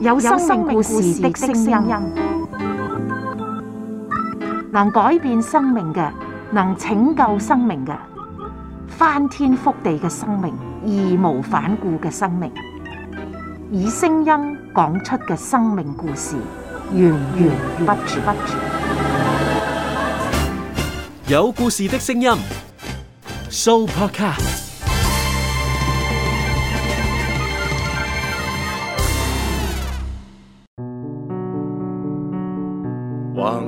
有生命故事的聲音，能改變生命嘅，能拯救生命嘅，翻天覆地嘅生命，義無反顧嘅生命，以聲音講出嘅生命故事，源源不絕。有故事的聲音，Soupercast。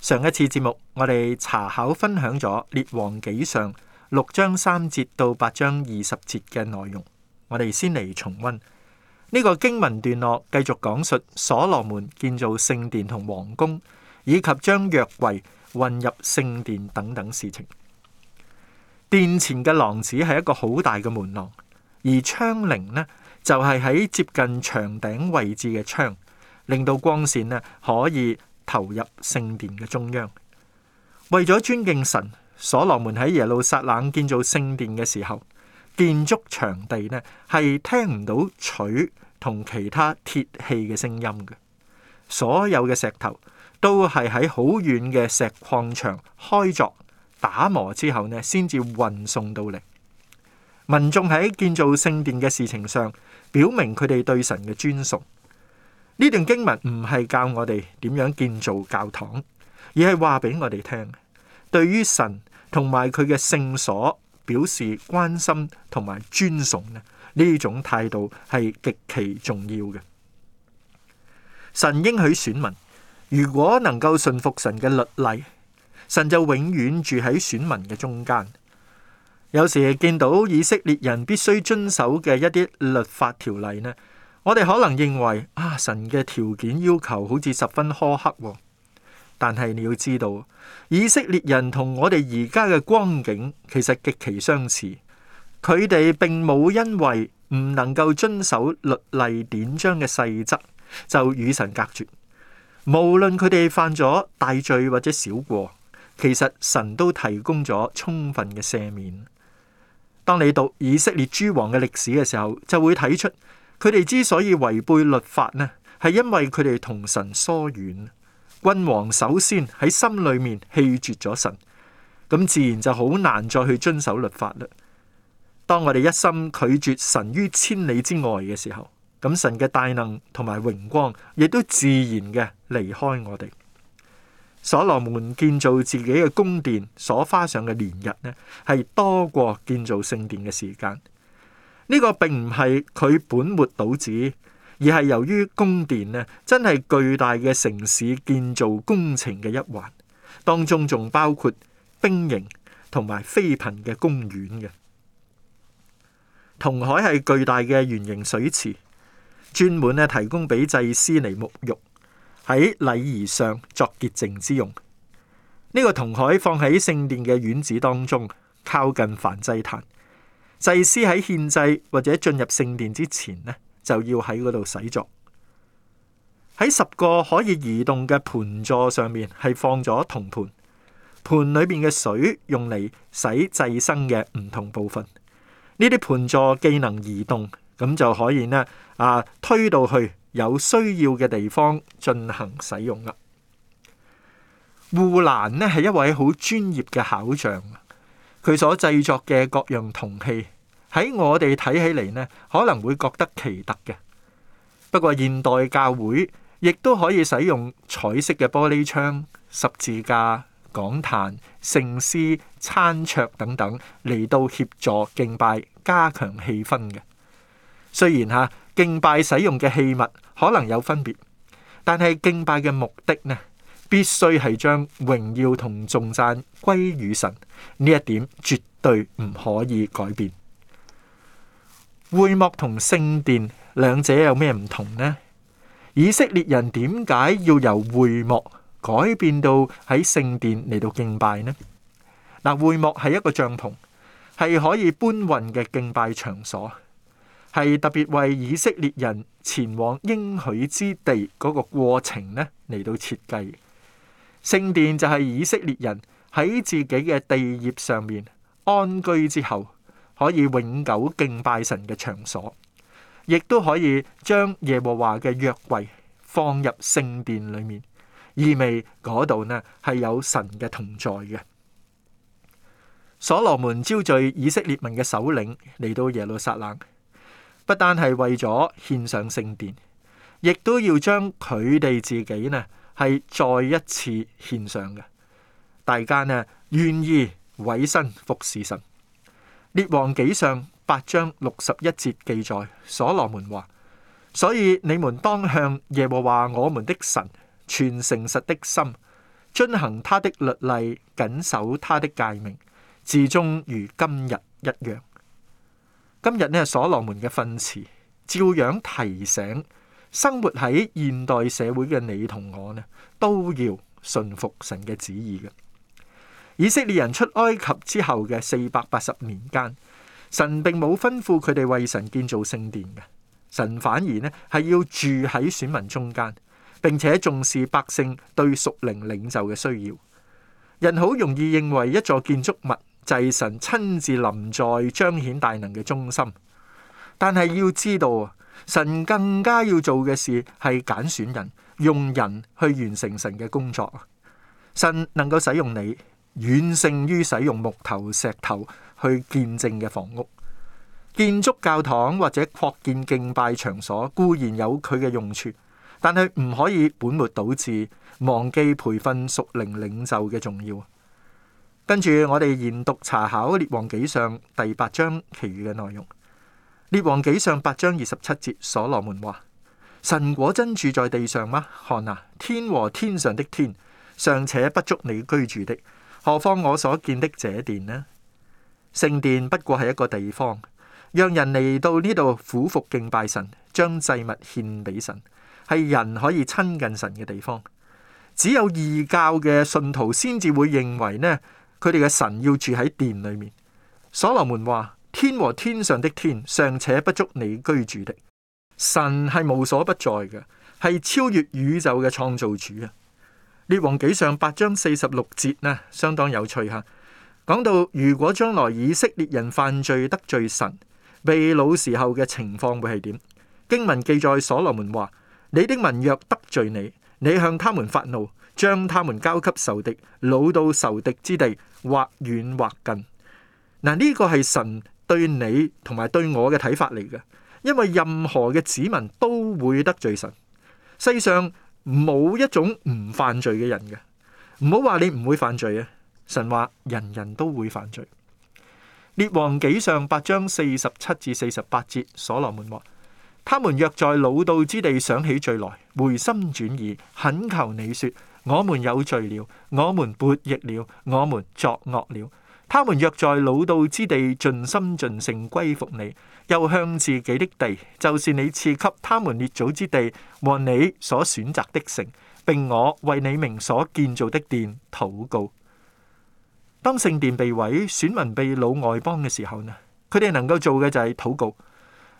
上一次節目，我哋查考分享咗列王紀上六章三節到八章二十節嘅內容，我哋先嚟重溫呢個經文段落，繼續講述所羅門建造聖殿同皇宮，以及將約櫃運入聖殿等等事情。殿前嘅廊子係一個好大嘅門廊，而窗棂呢，就係喺接近牆頂位置嘅窗，令到光線呢可以。投入聖殿嘅中央，為咗尊敬神，所羅門喺耶路撒冷建造聖殿嘅時候，建築場地呢係聽唔到錘同其他鐵器嘅聲音嘅，所有嘅石頭都係喺好遠嘅石礦場開鑿、打磨之後呢，先至運送到嚟。民眾喺建造聖殿嘅事情上，表明佢哋對神嘅尊崇。呢段經文唔係教我哋點樣建造教堂，而係話俾我哋聽，對於神同埋佢嘅聖所表示關心同埋尊崇呢，呢種態度係極其重要嘅。神應許選民，如果能夠順服神嘅律例，神就永遠住喺選民嘅中間。有時見到以色列人必須遵守嘅一啲律法條例呢？我哋可能認為啊，神嘅條件要求好似十分苛刻哦。但係你要知道，以色列人同我哋而家嘅光景其實極其相似。佢哋並冇因為唔能夠遵守律例典章嘅細則，就與神隔絕。無論佢哋犯咗大罪或者小過，其實神都提供咗充分嘅赦免。當你讀以色列諸王嘅歷史嘅時候，就會睇出。佢哋之所以違背律法呢，係因為佢哋同神疏遠。君王首先喺心裏面棄絕咗神，咁自然就好難再去遵守律法啦。當我哋一心拒絕神於千里之外嘅時候，咁神嘅大能同埋榮光，亦都自然嘅離開我哋。所羅門建造自己嘅宮殿所花上嘅年日呢，係多過建造聖殿嘅時間。呢個並唔係佢本末倒置，而係由於宮殿咧，真係巨大嘅城市建造工程嘅一環，當中仲包括兵營同埋妃嬪嘅公園嘅。銅海係巨大嘅圓形水池，專門咧提供俾祭司嚟沐浴，喺禮儀上作潔淨之用。呢、這個銅海放喺聖殿嘅院子當中，靠近燔祭壇。祭司喺獻祭或者進入聖殿之前呢，就要喺嗰度洗濯。喺十個可以移動嘅盤座上面係放咗銅盤，盤裏邊嘅水用嚟洗祭牲嘅唔同部分。呢啲盤座既能移動，咁就可以呢啊推到去有需要嘅地方進行使用啦。戶蘭呢係一位好專業嘅巧匠。佢所製作嘅各樣銅器，喺我哋睇起嚟呢，可能會覺得奇特嘅。不過現代教會亦都可以使用彩色嘅玻璃窗、十字架、講壇、聖詩、餐桌等等嚟到協助敬拜、加強氣氛嘅。雖然嚇敬拜使用嘅器物可能有分別，但係敬拜嘅目的呢？必須係將榮耀同頌讚歸於神，呢一點絕對唔可以改變。會幕同聖殿兩者有咩唔同呢？以色列人點解要由會幕改變到喺聖殿嚟到敬拜呢？嗱，會幕係一個帳篷，係可以搬運嘅敬拜場所，係特別為以色列人前往應許之地嗰個過程呢嚟到設計。聖殿就係以色列人喺自己嘅地業上面安居之後，可以永久敬拜神嘅場所，亦都可以將耶和華嘅約櫃放入聖殿裏面，意味嗰度呢係有神嘅同在嘅。所羅門招聚以色列民嘅首領嚟到耶路撒冷，不單係為咗獻上聖殿，亦都要將佢哋自己呢。係再一次獻上嘅，大家呢願意委身服侍神。列王紀上八章六十一節記載，所羅門話：所以你們當向耶和華我們的神存誠實的心，遵行他的律例，謹守他的誡命，至終如今日一樣。今日呢，所羅門嘅訓詞照樣提醒。生活喺現代社會嘅你同我呢，都要順服神嘅旨意嘅。以色列人出埃及之後嘅四百八十年間，神並冇吩咐佢哋為神建造聖殿嘅，神反而呢係要住喺選民中間，並且重視百姓對屬靈領袖嘅需要。人好容易認為一座建築物就係神親自臨在、彰顯大能嘅中心，但係要知道。神更加要做嘅事係揀選人，用人去完成神嘅工作。神能夠使用你，遠勝於使用木頭石頭去見證嘅房屋，建築教堂或者擴建敬拜場所固然有佢嘅用處，但係唔可以本末倒置，忘記培訓屬靈領袖嘅重要。跟住我哋研讀查考列王紀上第八章其餘嘅內容。列王紀上八章二十七節，所羅門話：神果真住在地上嗎？看啊，天和天上的天尚且不足你居住的，何況我所見的這殿呢？聖殿不過係一個地方，讓人嚟到呢度俯伏敬拜神，將祭物獻俾神，係人可以親近神嘅地方。只有異教嘅信徒先至會認為呢，佢哋嘅神要住喺殿裏面。所羅門話。天和天上的天尚且不足你居住的，神係無所不在嘅，係超越宇宙嘅創造主啊！列王紀上八章四十六節呢，相當有趣吓，講到如果將來以色列人犯罪得罪神，被擄時候嘅情況會係點？經文記載，所羅門話：你的民若得罪你，你向他們發怒，將他們交給仇敵，擄到仇敵之地，或遠或近。嗱，呢個係神。對你同埋對我嘅睇法嚟嘅，因為任何嘅子民都會得罪神，世上冇一種唔犯罪嘅人嘅，唔好話你唔會犯罪啊！神話人人都會犯罪。列王紀上八章四十七至四十八節，所羅門話：他們若在老道之地想起罪來，回心轉意，懇求你說：我們有罪了，我們悖逆了，我們作惡了。他們若在老道之地盡心盡性歸服你，又向自己的地，就是你賜給他們列祖之地和你所選擇的城，並我為你名所建造的殿，禱告。當聖殿被毀，選民被擄外邦嘅時候呢，佢哋能夠做嘅就係禱告。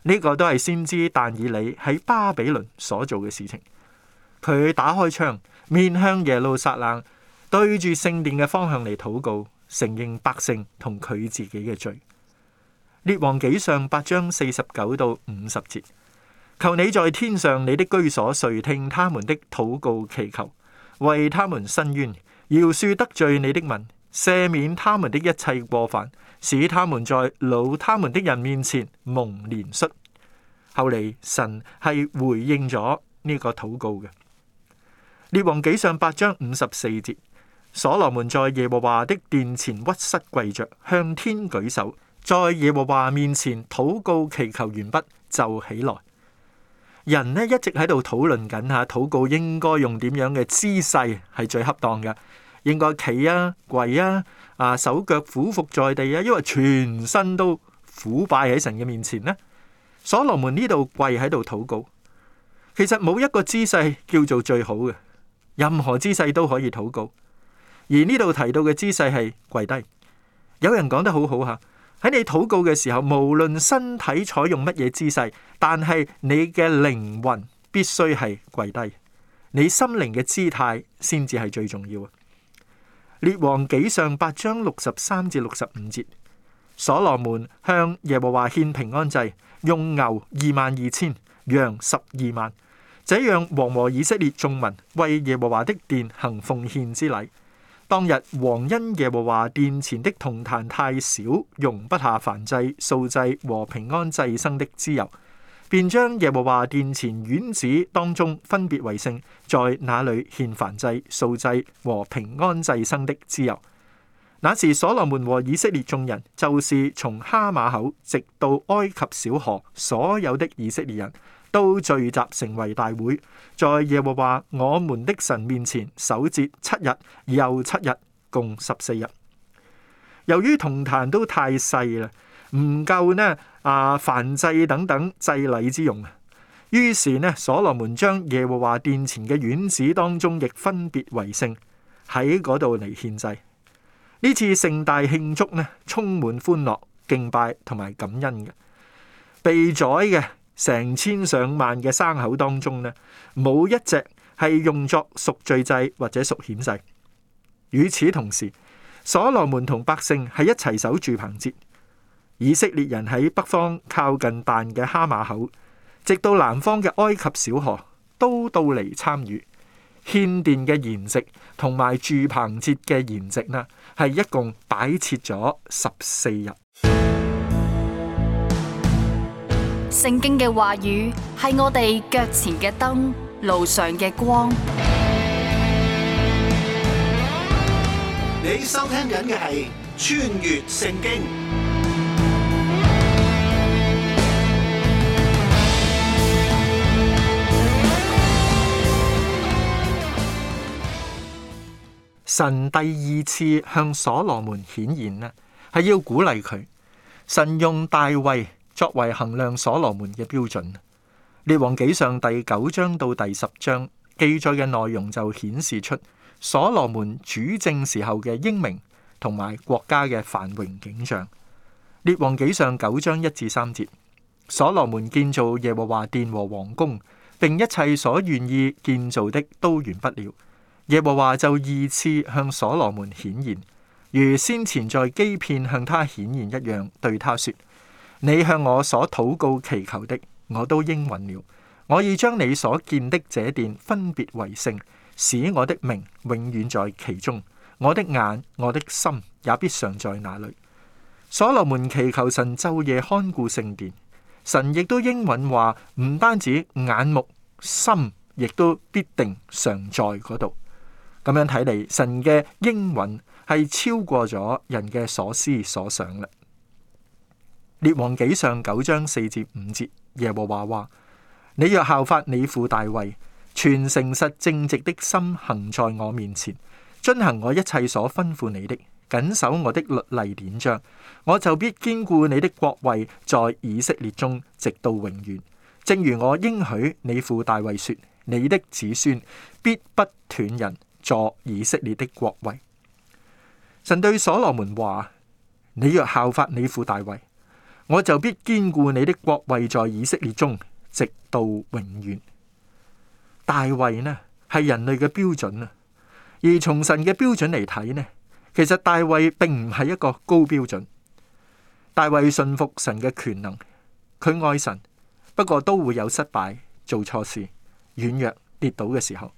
呢、這個都係先知但以理喺巴比倫所做嘅事情。佢打開窗面向耶路撒冷，對住聖殿嘅方向嚟禱告。承認百姓同佢自己嘅罪。列王紀上八章四十九到五十節，求你在天上你的居所垂聽他們的禱告祈求，為他們伸冤，饒恕得罪你的民，赦免他們的一切過犯，使他們在老他們的人面前蒙憐恤。後嚟神係回應咗呢個禱告嘅。列王紀上八章五十四節。所羅門在耶和華的殿前屈膝跪着，向天舉手，在耶和華面前禱告祈求完畢。完畢就起來。人呢一直喺度討論緊吓禱告應該用點樣嘅姿勢係最恰當嘅，應該企啊、跪啊、啊手腳俯伏在地啊，因為全身都俯拜喺神嘅面前呢。所羅門呢度跪喺度禱告，其實冇一個姿勢叫做最好嘅，任何姿勢都可以禱告。而呢度提到嘅姿勢係跪低。有人講得好好吓，喺你禱告嘅時候，無論身體採用乜嘢姿勢，但係你嘅靈魂必須係跪低，你心靈嘅姿態先至係最重要啊。列王紀上八章六十三至六十五節，所羅門向耶和華獻平安祭，用牛二萬二千，羊十二萬，這樣王和以色列眾民為耶和華的殿行奉獻之禮。當日王因耶和華殿前的銅壇太小，容不下燔祭、素祭和平安祭牲的脂油，便將耶和華殿前院子當中分別為聖，在那裏獻燔祭、素祭和平安祭牲的脂油。那時所羅門和以色列眾人，就是從哈馬口直到埃及小河所有的以色列人。都聚集成為大會，在耶和華我們的神面前守節七日，又七日，共十四日。由於銅壇都太細啦，唔夠呢啊燔祭等等祭禮之用啊，於是呢，所羅門將耶和華殿前嘅院子當中，亦分別為聖，喺嗰度嚟獻祭。呢次盛大慶祝呢，充滿歡樂、敬拜同埋感恩嘅，被宰嘅。成千上萬嘅牲口當中呢，冇一隻係用作贖罪祭或者贖愆祭。與此同時，所羅門同百姓係一齊守住棚節。以色列人喺北方靠近但嘅哈馬口，直到南方嘅埃及小河，都到嚟參與獻殿嘅筵席同埋住棚節嘅筵席呢，係一共擺設咗十四日。聖經嘅話語係我哋腳前嘅燈，路上嘅光。你收聽緊嘅係《穿越聖經》。神第二次向所羅門顯現咧，係要鼓勵佢。神用大衛。作為衡量所羅門嘅標準，《列王紀上》第九章到第十章記載嘅內容就顯示出所羅門主政時候嘅英明同埋國家嘅繁榮景象。《列王紀上》九章一至三節，所羅門建造耶和華殿和王宮，並一切所願意建造的都完不了。耶和華就二次向所羅門顯現，如先前在基遍向他顯現一樣，對他說。你向我所禱告祈求的，我都應允了。我已將你所見的這殿分別為聖，使我的名永遠在其中，我的眼、我的心也必常在那裏。所羅門祈求神晝夜看顧聖殿，神亦都應允話，唔單止眼目心，亦都必定常在嗰度。咁樣睇嚟，神嘅應允係超過咗人嘅所思所想啦。列王紀上九章四至五節，耶和華話：你若效法你父大衛，全誠實正直的心行在我面前，遵行我一切所吩咐你的，謹守我的律例典章，我就必堅固你的國位在以色列中，直到永遠。正如我應許你父大衛說：你的子孫必不斷人坐以色列的國位。神對所羅門話：你若效法你父大衛。我就必堅固你的國位在以色列中，直到永遠。大衛呢係人類嘅標準啊，而從神嘅標準嚟睇呢，其實大衛並唔係一個高標準。大衛信服神嘅權能，佢愛神，不過都會有失敗、做錯事、軟弱跌倒嘅時候。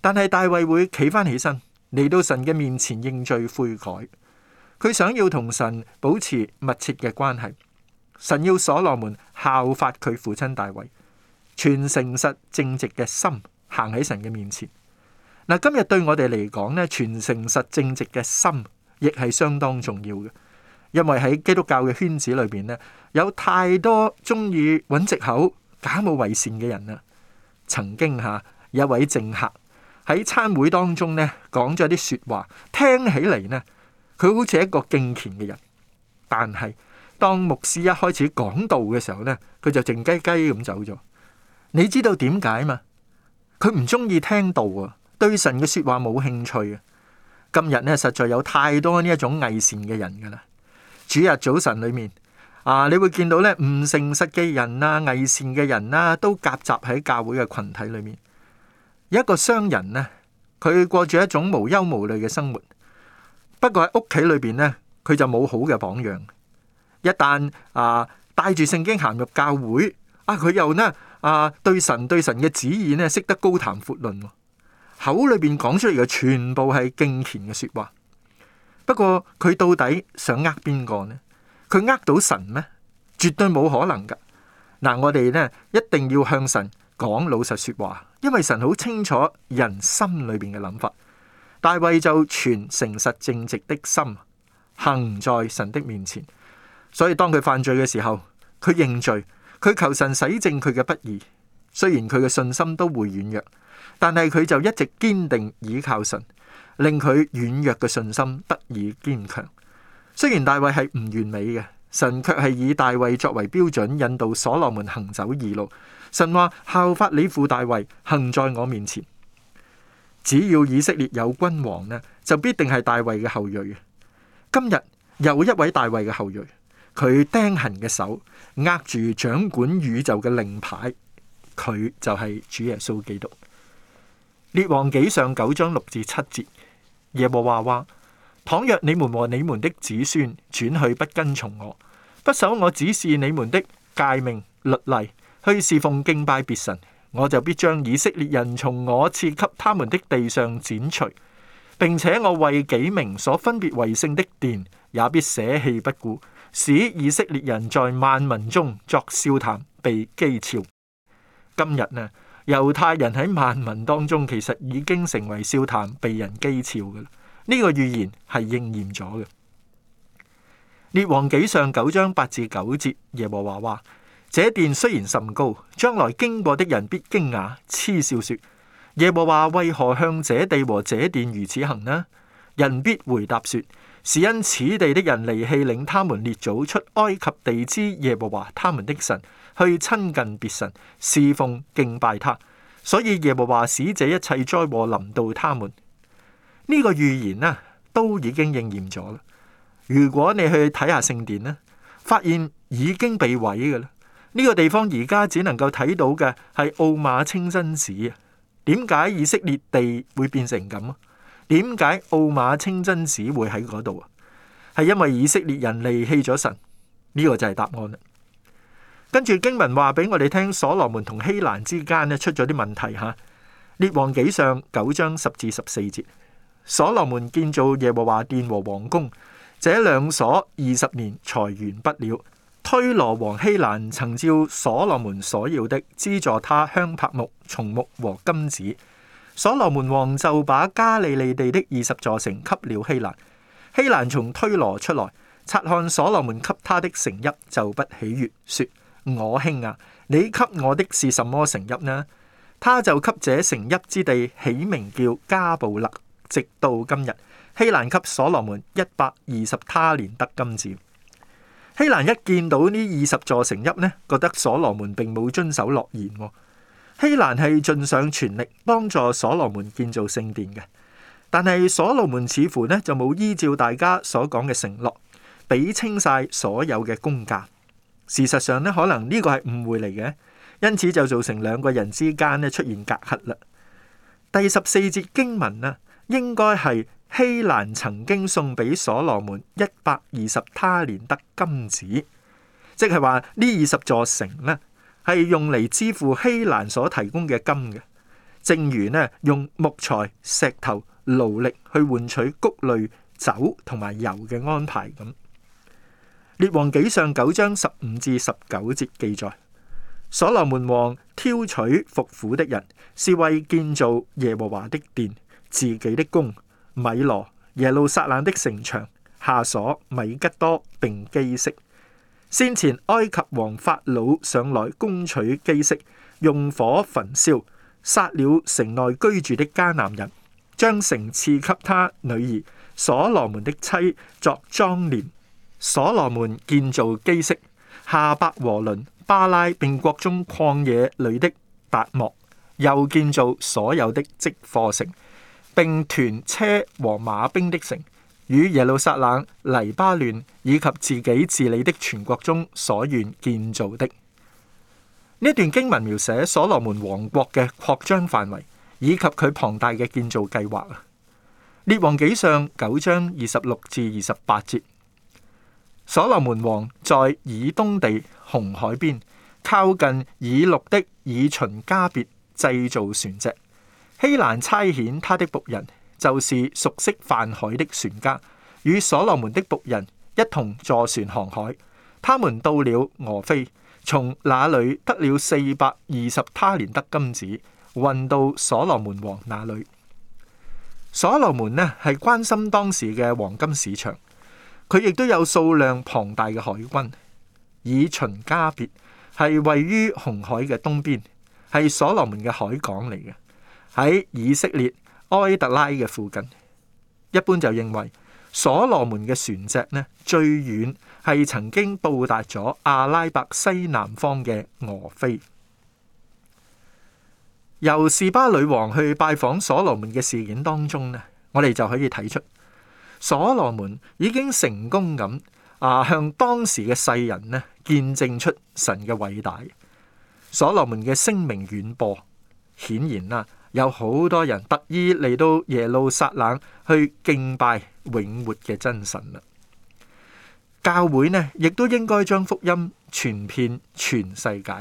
但係大衛會企翻起身嚟到神嘅面前認罪悔改，佢想要同神保持密切嘅關係。神要所羅門效法佢父親大衛，全誠實正直嘅心行喺神嘅面前。嗱，今日對我哋嚟講咧，全誠實正直嘅心亦係相當重要嘅，因為喺基督教嘅圈子裏邊咧，有太多中意揾藉口，假冒為善嘅人啊。曾經吓有一位政客喺餐會當中咧講咗啲說話，聽起嚟咧佢好似一個敬虔嘅人，但係。當牧師一開始講道嘅時候呢，佢就靜雞雞咁走咗。你知道點解嘛？佢唔中意聽道啊，對神嘅說話冇興趣啊。今日呢，實在有太多呢一種偽善嘅人噶啦。主日早晨裏面啊，你會見到呢唔誠實嘅人啊、偽善嘅人啊，都夾雜喺教會嘅群體裏面。有一個商人呢，佢過住一種無憂無慮嘅生活，不過喺屋企裏邊呢，佢就冇好嘅榜樣。一旦啊，帶住聖經行入教會，啊，佢又呢啊，對神對神嘅旨意呢識得高談闊論，哦，口裏邊講出嚟嘅全部係敬虔嘅說話。不過佢到底想呃邊個呢？佢呃到神咩？絕對冇可能噶。嗱、啊，我哋呢一定要向神講老實說話，因為神好清楚人心裏邊嘅諗法。大衛就存誠實正直的心，行在神的面前。所以當佢犯罪嘅時候，佢認罪，佢求神洗淨佢嘅不義。雖然佢嘅信心都會軟弱，但係佢就一直堅定倚靠神，令佢軟弱嘅信心得以堅強。雖然大衛係唔完美嘅，神卻係以大衛作為標準，引導所羅門行走義路。神話，效法你父大衛，行在我面前。只要以色列有君王呢，就必定係大衛嘅後裔。今日又一位大衛嘅後裔。佢釘痕嘅手握住掌管宇宙嘅令牌，佢就係主耶穌基督列王紀上九章六至七節。耶和華話，話：倘若你們和你們的子孫轉去不跟從我，不守我指示你們的誡命律例，去侍奉敬拜別神，我就必將以色列人從我賜給他們的地上剪除，並且我為己名所分別為聖的殿也必捨棄不顧。使以色列人在萬民中作笑談，被譏誚。今日呢，猶太人喺萬民當中，其實已經成為笑談，被人譏誚嘅。呢個預言係應驗咗嘅。列王紀上九章八至九節，耶和華話：這殿雖然甚高，將來經過的人必驚訝，嗤笑說：耶和華為何向這地和這殿如此行呢？人必回答說。是因此地的人離棄領他們列祖出埃及地之耶和華他們的神，去親近別神，侍奉敬拜他，所以耶和華使這一切災禍臨到他們。呢個預言呢，啊，都已經應驗咗啦。如果你去睇下聖殿呢，發現已經被毀嘅啦。呢個地方而家只能夠睇到嘅係奧馬清真寺啊。點解以色列地會變成咁啊？點解奧馬清真寺會喺嗰度啊？係因為以色列人離棄咗神，呢、這個就係答案啦。跟住經文話俾我哋聽，所羅門同希蘭之間咧出咗啲問題吓。列王紀上九章十至十四節，所羅門建造耶和華殿和王宮，這兩所二十年才完不了。推羅王希蘭曾照所羅門所要的資助他香柏木、松木和金子。所羅門王就把加利利地的，的二十座城給了希蘭，希蘭從推羅出來，察看所羅門給他的城邑，就不喜悅，說：我兄啊，你給我的是什麼城邑呢？他就給這城邑之地起名叫加布勒，直到今日。希蘭給所羅門一百二十他連得金子。希蘭一見到呢二十座城邑呢，覺得所羅門並冇遵守諾言。希蘭係盡上全力幫助所羅門建造聖殿嘅，但係所羅門似乎呢就冇依照大家所講嘅承諾，俾清晒所有嘅工價。事實上呢，可能呢個係誤會嚟嘅，因此就造成兩個人之間呢出現隔閡啦。第十四節經文呢，應該係希蘭曾經送俾所羅門一百二十他連得金子，即係話呢二十座城呢，係用嚟支付希蘭所提供嘅金嘅，正如呢用木材、石頭、勞力去換取谷類、酒同埋油嘅安排咁。列王紀上九章十五至十九節記載：所羅門王挑取服苦的人，是為建造耶和華的殿、自己的宮、米羅耶路撒冷的城牆、下所米吉多並基色。先前埃及王法老上來攻取基色，用火焚燒，殺了城內居住的迦南人，將城賜給他女兒所羅門的妻作妝奩。所羅門建造基色、下伯和崙、巴拉並國中曠野裏的達莫，又建造所有的積貨城，並屯車和馬兵的城。與耶路撒冷、黎巴嫩以及自己治理的全國中所願建造的。呢段經文描寫所羅門王國嘅擴張範圍以及佢龐大嘅建造計劃。列王紀上九章二十六至二十八節，所羅門王在以東地紅海邊，靠近以祿的以旬迦別製造船隻，希蘭差遣他的僕人，就是熟悉泛海的船家，與所羅門的僕人一同坐船航海。他們到了俄非，從那裏得了四百二十他連德金子，運到所羅門王那裏。所羅門呢，係關心當時嘅黃金市場，佢亦都有數量龐大嘅海軍。以秦加別係位於紅海嘅東邊，係所羅門嘅海港嚟嘅。喺以色列，埃特拉嘅附近，一般就認為所羅門嘅船隻呢，最遠係曾經到達咗阿拉伯西南方嘅俄非。由士巴女王去拜訪所羅門嘅事件當中呢，我哋就可以睇出所羅門已經成功咁啊向當時嘅世人呢見證出神嘅偉大。所羅門嘅聲名遠播，顯然啦、啊。有好多人特意嚟到耶路撒冷去敬拜永活嘅真神。教會呢，亦都應該將福音傳遍全世界。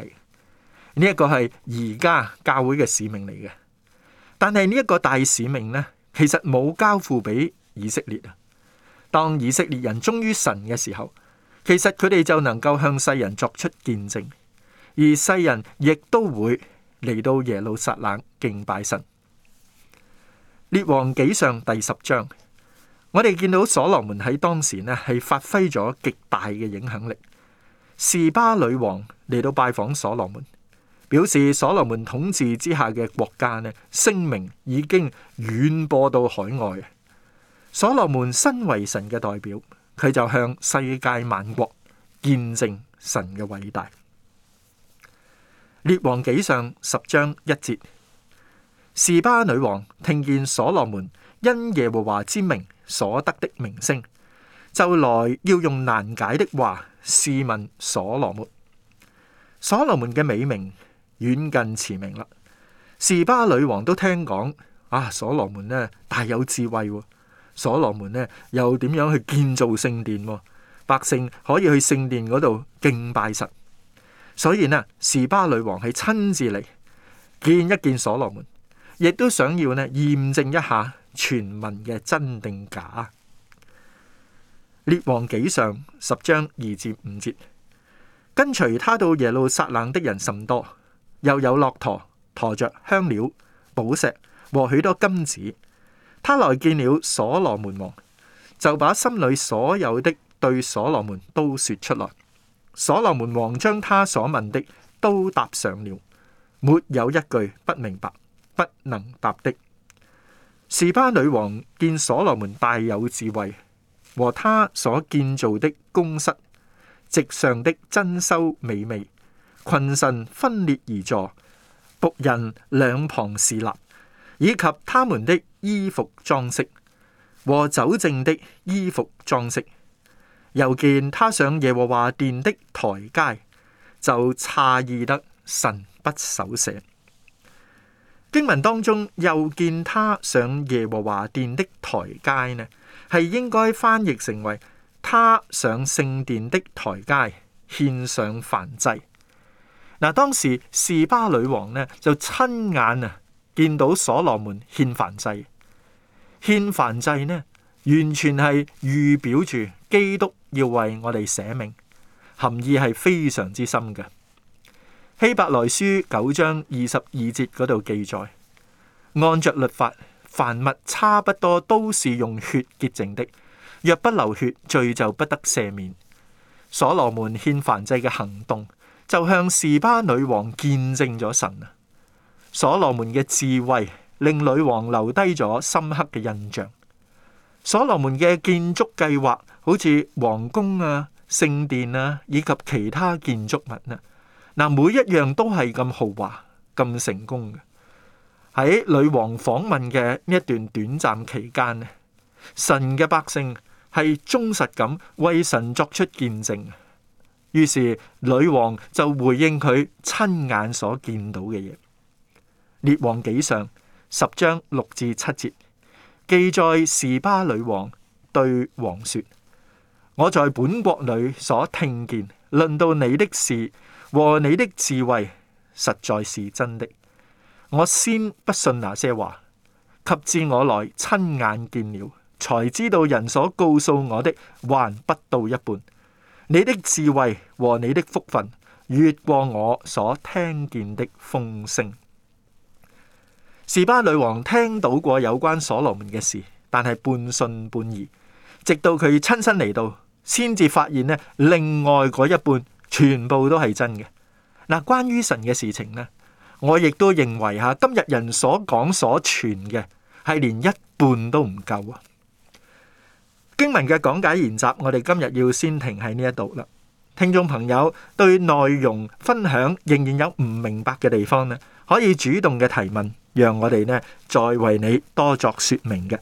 呢一個係而家教會嘅使命嚟嘅。但係呢一個大使命呢，其實冇交付俾以色列啊。當以色列人忠於神嘅時候，其實佢哋就能夠向世人作出見證，而世人亦都會。嚟到耶路撒冷敬拜神，《列王紀上》第十章，我哋見到所羅門喺當時呢係發揮咗極大嘅影響力。示巴女王嚟到拜訪所羅門，表示所羅門統治之下嘅國家呢，聲名已經遠播到海外。所羅門身為神嘅代表，佢就向世界萬國見證神嘅偉大。列王紀上十章一節，士巴女王聽見所羅門因耶和華之名所得的名聲，就來要用難解的話試問所羅門。所羅門嘅美名遠近馳名啦，士巴女王都聽講啊，所羅門呢大有智慧喎，所羅門呢又點樣去建造聖殿喎，百姓可以去聖殿嗰度敬拜神。所以呢，示巴女王係親自嚟見一見所羅門，亦都想要呢驗證一下傳聞嘅真定假。列王紀上十章二至五節，跟隨他到耶路撒冷的人甚多，又有駱駝馱着香料、寶石和許多金子。他來見了所羅門王，就把心裏所有的對所羅門都說出來。所羅門王將他所問的都答上了，沒有一句不明白、不能答的。示巴女王見所羅門大有智慧，和他所建造的宮室、席上的珍饈美味、群臣分列而坐、僕人兩旁侍立，以及他們的衣服裝飾和酒政的衣服裝飾。又見他上耶和華殿的台階，就詫異得神不守舍。經文當中又見他上耶和華殿的台階呢，係應該翻譯成為他上聖殿的台階獻上燔祭。嗱，當時示巴女王呢就親眼啊見到所羅門獻燔祭，獻燔祭呢，完全係預表住基督要為我哋捨命，含義係非常之深嘅。希伯來書九章二十二節嗰度記載，按着律法，凡物差不多都是用血潔淨的，若不流血，罪就不得赦免。所羅門獻燔祭嘅行動，就向示巴女王見證咗神啊！所羅門嘅智慧，令女王留低咗深刻嘅印象。所羅門嘅建築計劃，好似王宮啊、聖殿啊，以及其他建築物啊，嗱，每一樣都係咁豪華、咁成功嘅。喺女王訪問嘅呢一段短暫期間呢，神嘅百姓係忠實咁為神作出見證。於是女王就回應佢親眼所見到嘅嘢，《列王紀上》十章六至七節。記載示巴女王對王說：我在本國裏所聽見，論到你的事和你的智慧，實在是真的。我先不信那些話，及至我來親眼見了，才知道人所告訴我的還不到一半。你的智慧和你的福分，越過我所聽見的風聲。士巴女王聽到過有關所羅門嘅事，但係半信半疑，直到佢親身嚟到，先至發現呢另外嗰一半全部都係真嘅嗱。關於神嘅事情呢，我亦都認為吓今日人所講所傳嘅係連一半都唔夠啊。經文嘅講解研習，我哋今日要先停喺呢一度啦。聽眾朋友對內容分享仍然有唔明白嘅地方呢，可以主動嘅提問。讓我哋呢再為你多作說明嘅，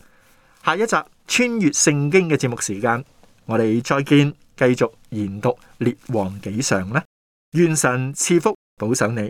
下一集穿越聖經嘅節目時間，我哋再見，繼續研讀列王紀上啦。願神賜福保守你。